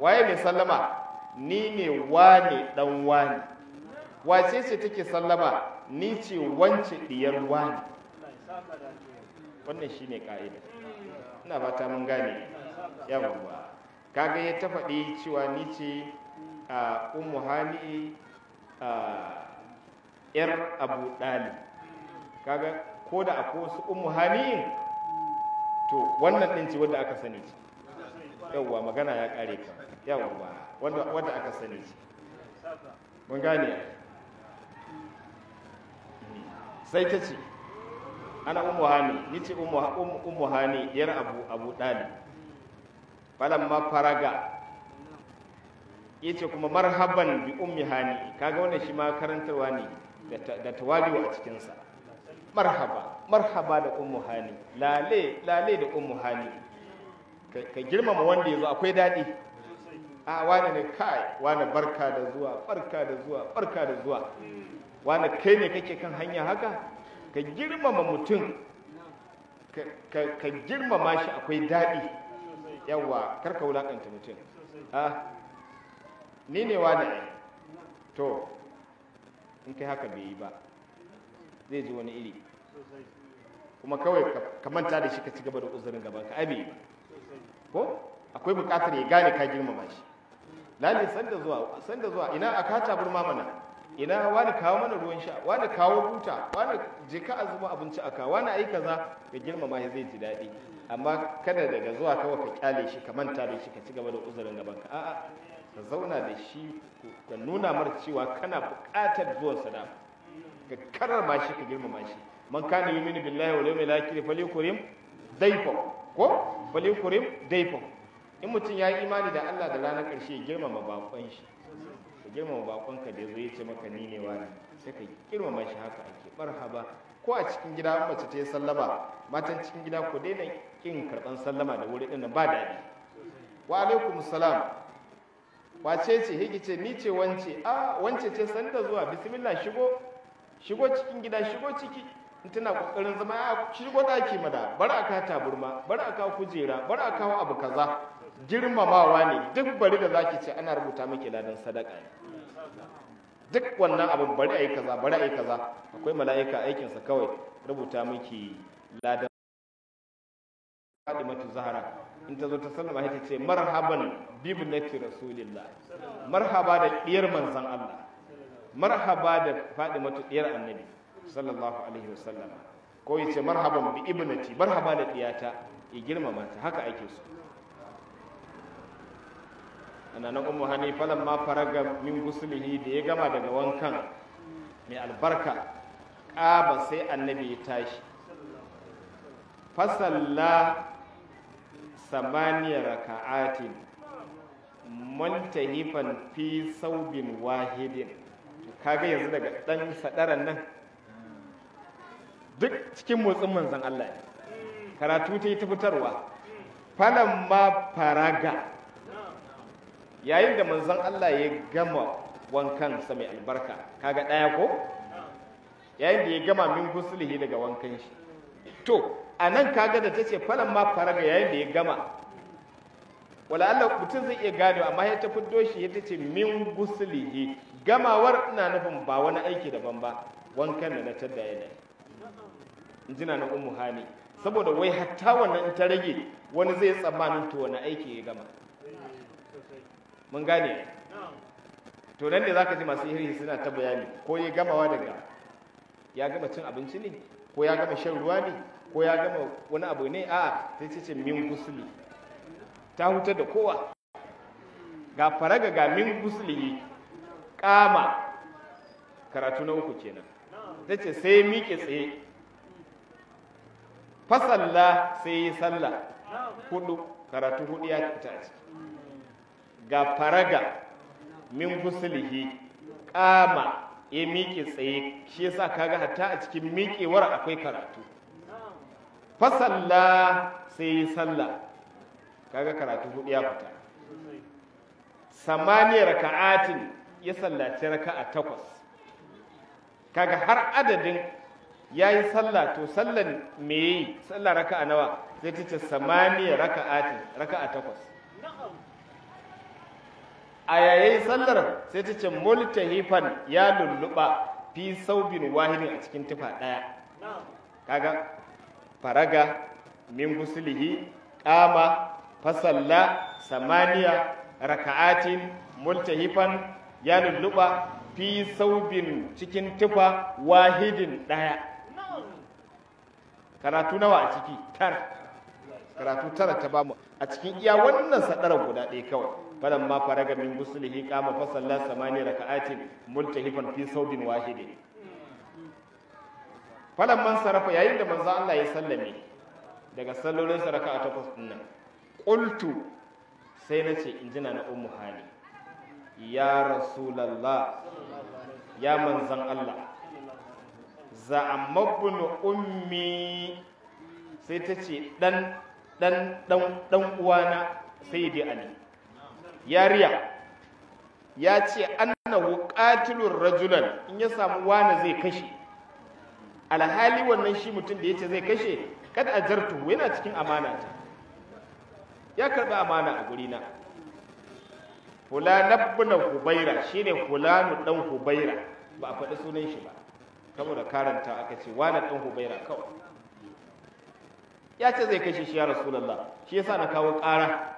S1: waye mai sallama ni ne wani dan wani wace ce take sallama ni ce wance diyar wani wannan shine ka'ida ina fata mun gane yawwa kaga ya ta faɗi cewa ni ce a ummu hani a yar abu ɗali kaga ko da akwai wasu umu hani to wannan din ce wanda aka sani ce yawwa magana ya kare ka yawwa wanda wanda aka sani ce mun gane sai ta ce ana umu hani ni ce umu hani yar abu abu ɗalib falamma faraga ce kuma marhaban bi ummi hani kaga wannan shi ma karantarwa ne da tawali'u a cikinsa marhaba marhaba da ummu hani lale lale da ummu hani ka girmama wanda ya zo akwai daɗi a wani ne kai wani barka da zuwa barka da zuwa barka da zuwa wani kai ne kake kan hanya haka ka girmama mutum ka girmama shi akwai daɗi yawa karka wulaƙanta mutum a ah, ni ne wani to in kai haka bai yi ba zai ji wani iri kuma kawai ka manta da shi ka ci gaba da uzurin gaban ka abi ko akwai bukatar ya gane ka girmama shi lalle sanda zuwa sanda zuwa ina aka burma mana ina wani kawo mana ruwan sha wani kawo buta wani je ka azuma abinci aka wani ai kaza ya girmama shi zai ji daɗi amma kada daga zuwa kawai ka kyale shi ka manta da shi ka ci gaba da uzurin gaban ka a'a ka zauna da shi ka nuna mara cewa kana buƙatar zuwan sa da ka karar ma shi ka girmama shi man kana yuminu billahi wal yawmil akhir falyukrim dayfa ko falyukrim dayfa in mutum ya yi imani da Allah da ranar ƙarshe ya girmama bakon shi ka girmama bakon ka da zai ce maka ni ne wani sai ka girmama shi haka ake haba. ko a cikin gida mace ta yi sallama matan cikin gida ku daina kin karɓan sallama da wuri ɗin ba daɗi wa alaikum salam Wacece ce hiki ce ni ce wance a wance ce sanda zuwa bismillah shigo shigo cikin gida shigo ciki tana kokarin zama a shigo daki mada bar aka ka taburma bar aka kujera bar aka abu kaza girmamawa ne duk bari da zaki ce ana rubuta miki ladan sadaka duk wannan abin bari ayi kaza bari ayi kaza akwai mala'ika aikinsa kawai rubuta miki ladan Fatimatu Zahra in ta zo ta sallama ta ce marhaban bibnati rasulillah marhaba da diyar manzon Allah marhaba da Fatimatu diyar annabi sallallahu alaihi wasallam ko yace marhaban bi ibnati marhaba da diyata ya girmama ta haka ake so ana na ummu hani falan ma faraga min guslihi da ya gama daga wankan mai albarka ƙaba sai annabi ya tashi fasalla samaniya raka'atin muntahifan fi saubin wahidin kaga yanzu daga dan sadaran nan duk cikin motsin manzon Allah karatu ta yi ta fitarwa falan ma faraga yayin da manzon Allah ya gama wankansa mai albarka kaga ɗaya ko yayin da ya gama min gusulihi daga wankan shi to a nan kaga da ta ce falan ma faraga yayin da ya gama wala Allah mutum zai iya gane amma ya ta fito shi ya ce min guslihi gamawar ina nufin ba wani aiki daban ba wankan da na tadda yana injina na ummu hani saboda wai hatta wannan in ta rage wani zai tsammanin to wani aiki ya gama mun gane to nan da zaka ji masu iri suna ta bayani ko ya gamawa daga ya gama cin abinci ne ko ya gama shan ruwa ne ko ya gama wani abu ne a ta ce ce min gusuli ta huta da kowa ga faraga ga min gusuli kama karatu na uku kenan ta ce sai miƙe tsaye fasalla sai yi sallah hudu karatu hudu ya fita a ciki ga faraga min gusulihi kama ya miƙe tsaye shi yasa kaga hatta a cikin miƙewar akwai karatu fasalla sai yi sallah kaga karatu hudu ya fita samaniya raka'atin ya sallaci raka'a takwas kaga har adadin ya yi sallah to sallan me yi sallah raka'a nawa sai ta ce samaniya raka'atin raka'a takwas a yayin sallar sai ta ce multahifan ya lulluɓa fi saubin wahidin a cikin tufa ɗaya kaga faraga min gusulihi qama fasalla samaniya raka'atin multahifan ya lulluɓa fi saubin cikin tufa wahidin ɗaya karatu nawa a ciki tara karatu tara ta bamu a cikin iya wannan sadarar guda ɗaya kawai ma faraga min gusulihi qama fasalla samaniya raka'atin multahifan fi saubin wahidin falan man sarrafa yayin da manzo Allah ya sallame daga sallolin saraka a takwas din nan qultu sai na ce in jina na ummu hali ya rasulullah ya manzan Allah za'amma ibn ummi sai ta ce dan dan dan dan uwana sayyidi ali yariya ya ce an annahu qatilur rajulan in ya samu wani zai kashe alhali wannan shi mutum da ya ce zai kashe kada a zartu yana cikin amana ta ya karɓi amana a gurina fulan ibn hubaira shine fulanu ɗan hubaira ba a faɗi sunan shi ba da karanta aka ce wani dan hubaira kawai ya ce zai kashe shi ya lalla. shi yasa na kawo ƙara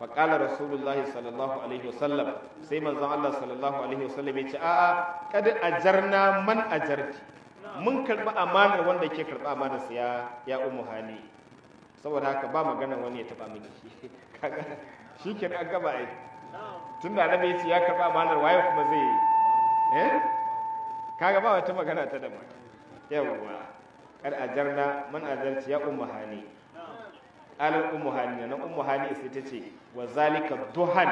S1: faƙalar rasulullahi sallallahu alaihi wasallam sai manzon Allah sallallahu alaihi wasallam ya ce a'a kad ajarna man ajarti mun karɓi amanar wanda ke karɓi amanar su ya ya hali saboda haka ba magana wani ya taba miki shi <laughs> ke an gaba ai tunda da ya ya karɓi amanar waye kuma zai eh kaga ba wata magana ta dama yawwa kar ajarna man ajarci ya umu hali al umu hali na umu hali sai ta ce wa zalika duhan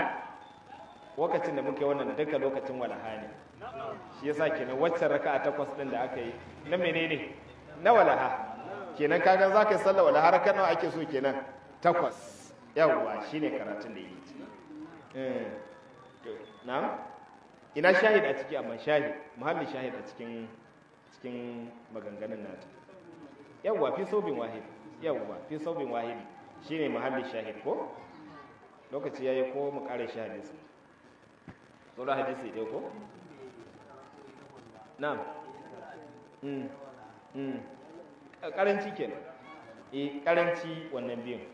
S1: lokacin da muke wannan duka lokacin walaha ne shi yasa kenan waccan raka'a takwas din da aka yi na menene na walaha kenan kaga za ka yi sallah walaha raka nawa ake so kenan takwas yawwa shine karatun da yake eh, na'am
S2: ina shahid a ciki
S1: amma shahid muhalli shahid a cikin cikin maganganun nata yawwa fi sobin wahid yawwa fi sobin wahid shine muhalli shahid ko lokaci yayi ko mu kare shahidin saura hadisi ɗaya ko na'am mm mm karanci kenan eh karanci wannan biyun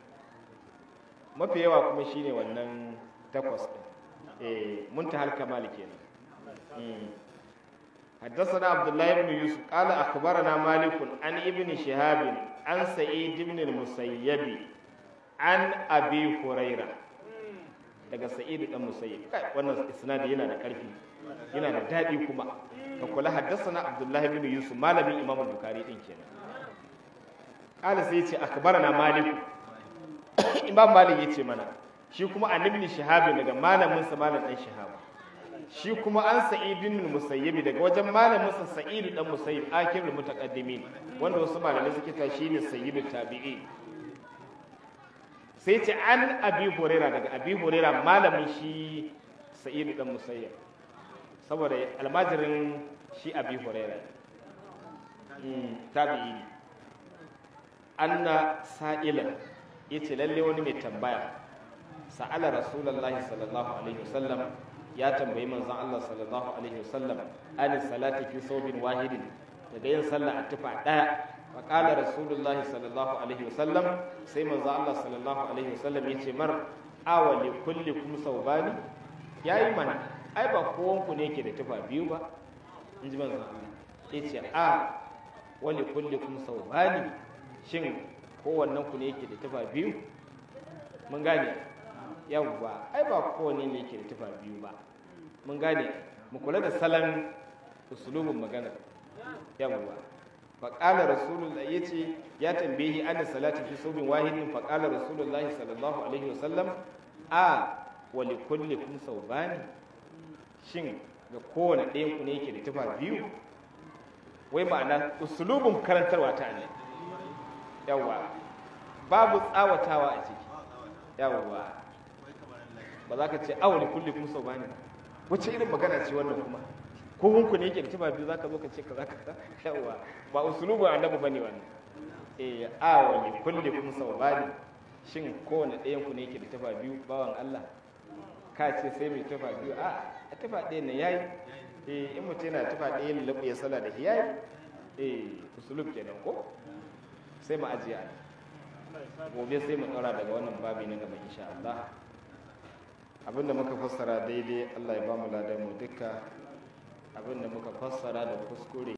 S1: mafi yawa kuma shi ne wannan takwas ɗin eh, ta halka kamal
S2: kenan
S1: حدثنا عبد الله بن يوسف قال أخبرنا مالك عن ابن شهاب عن سعيد بن المسيب عن abi هريرة daga Sa'id dan Musayyib kai wannan isnadi yana da karfi yana da dadi kuma ka kula haddathana Abdullah ibn Yusuf malamin Imam Bukhari din kenan qala sai yace akbarana Malik <coughs> Imam Malik yace mana shi kuma annabi shahabi daga malamin sa malam dan Shihab shi kuma an bin musayyib daga wajen malamin sa sa'idu dan musayyib akhirul mutaqaddimin wanda wasu malamai suke ta shine sayyidu tabi'i sai ce an abi horera daga abi horera malamin shi sa'idu dan musayyar saboda almajirin shi abi horera hmm, tabi'i anna ya yace lalle wani mai tambaya sa'ala rasulullahi sallallahu alaihi wasallam ya tambayi manzon Allah sallallahu alaihi wasallam an salati fi sawbin wahidin daga yin sallah a tufa daya faƙala rasulullahi sallallahu alaihi wasallam sai manzo Allah sallallahu alaihi wasallam ya ce mar awali kulli kum saubani yayi mana ai ba kowanku ne ke da tufa biyu ba in ji manzo Allah ya ce a wali kulli kum saubani shin kowannen ku ne yake da tufa biyu mun gane yawwa ai ba kowanne ne yake da tufa biyu ba mun gane mu kula da salon usulubin magana yawwa faƙala rasulullahi ya ce ya tambaye ana salati fi saubin wahidin faƙala rasulullahi sallallahu alaihi wasallam a wali kulle kun saubani shin ga kowane ɗayan ku ne yake da biyu wai ma'ana usulubin karantarwa ta ne yawa babu tsawatawa a ciki yawa ba za ka ce awali kulle kun saubani wace irin magana ce wannan kuma ko hunku ne kirti ba biyu zaka zo ka ce ka zaka yawa ba usulubu annabi bane wannan eh a wani kulli kun sawbani shin kowane ɗayan ku ne ke da tafa biyu bawan Allah ka ce sai mai tafa biyu a a tafa ɗaya ne yayi eh in mutum yana tafa ɗaya ne labu ya sala da hiyayi eh usulub kenan ko sai mu ajiye a gobe sai mu ɗora daga wannan babi na gaba insha Allah abinda muka fassara daidai Allah ya ba mu ladan mu dukka abin da muka fassara da kuskure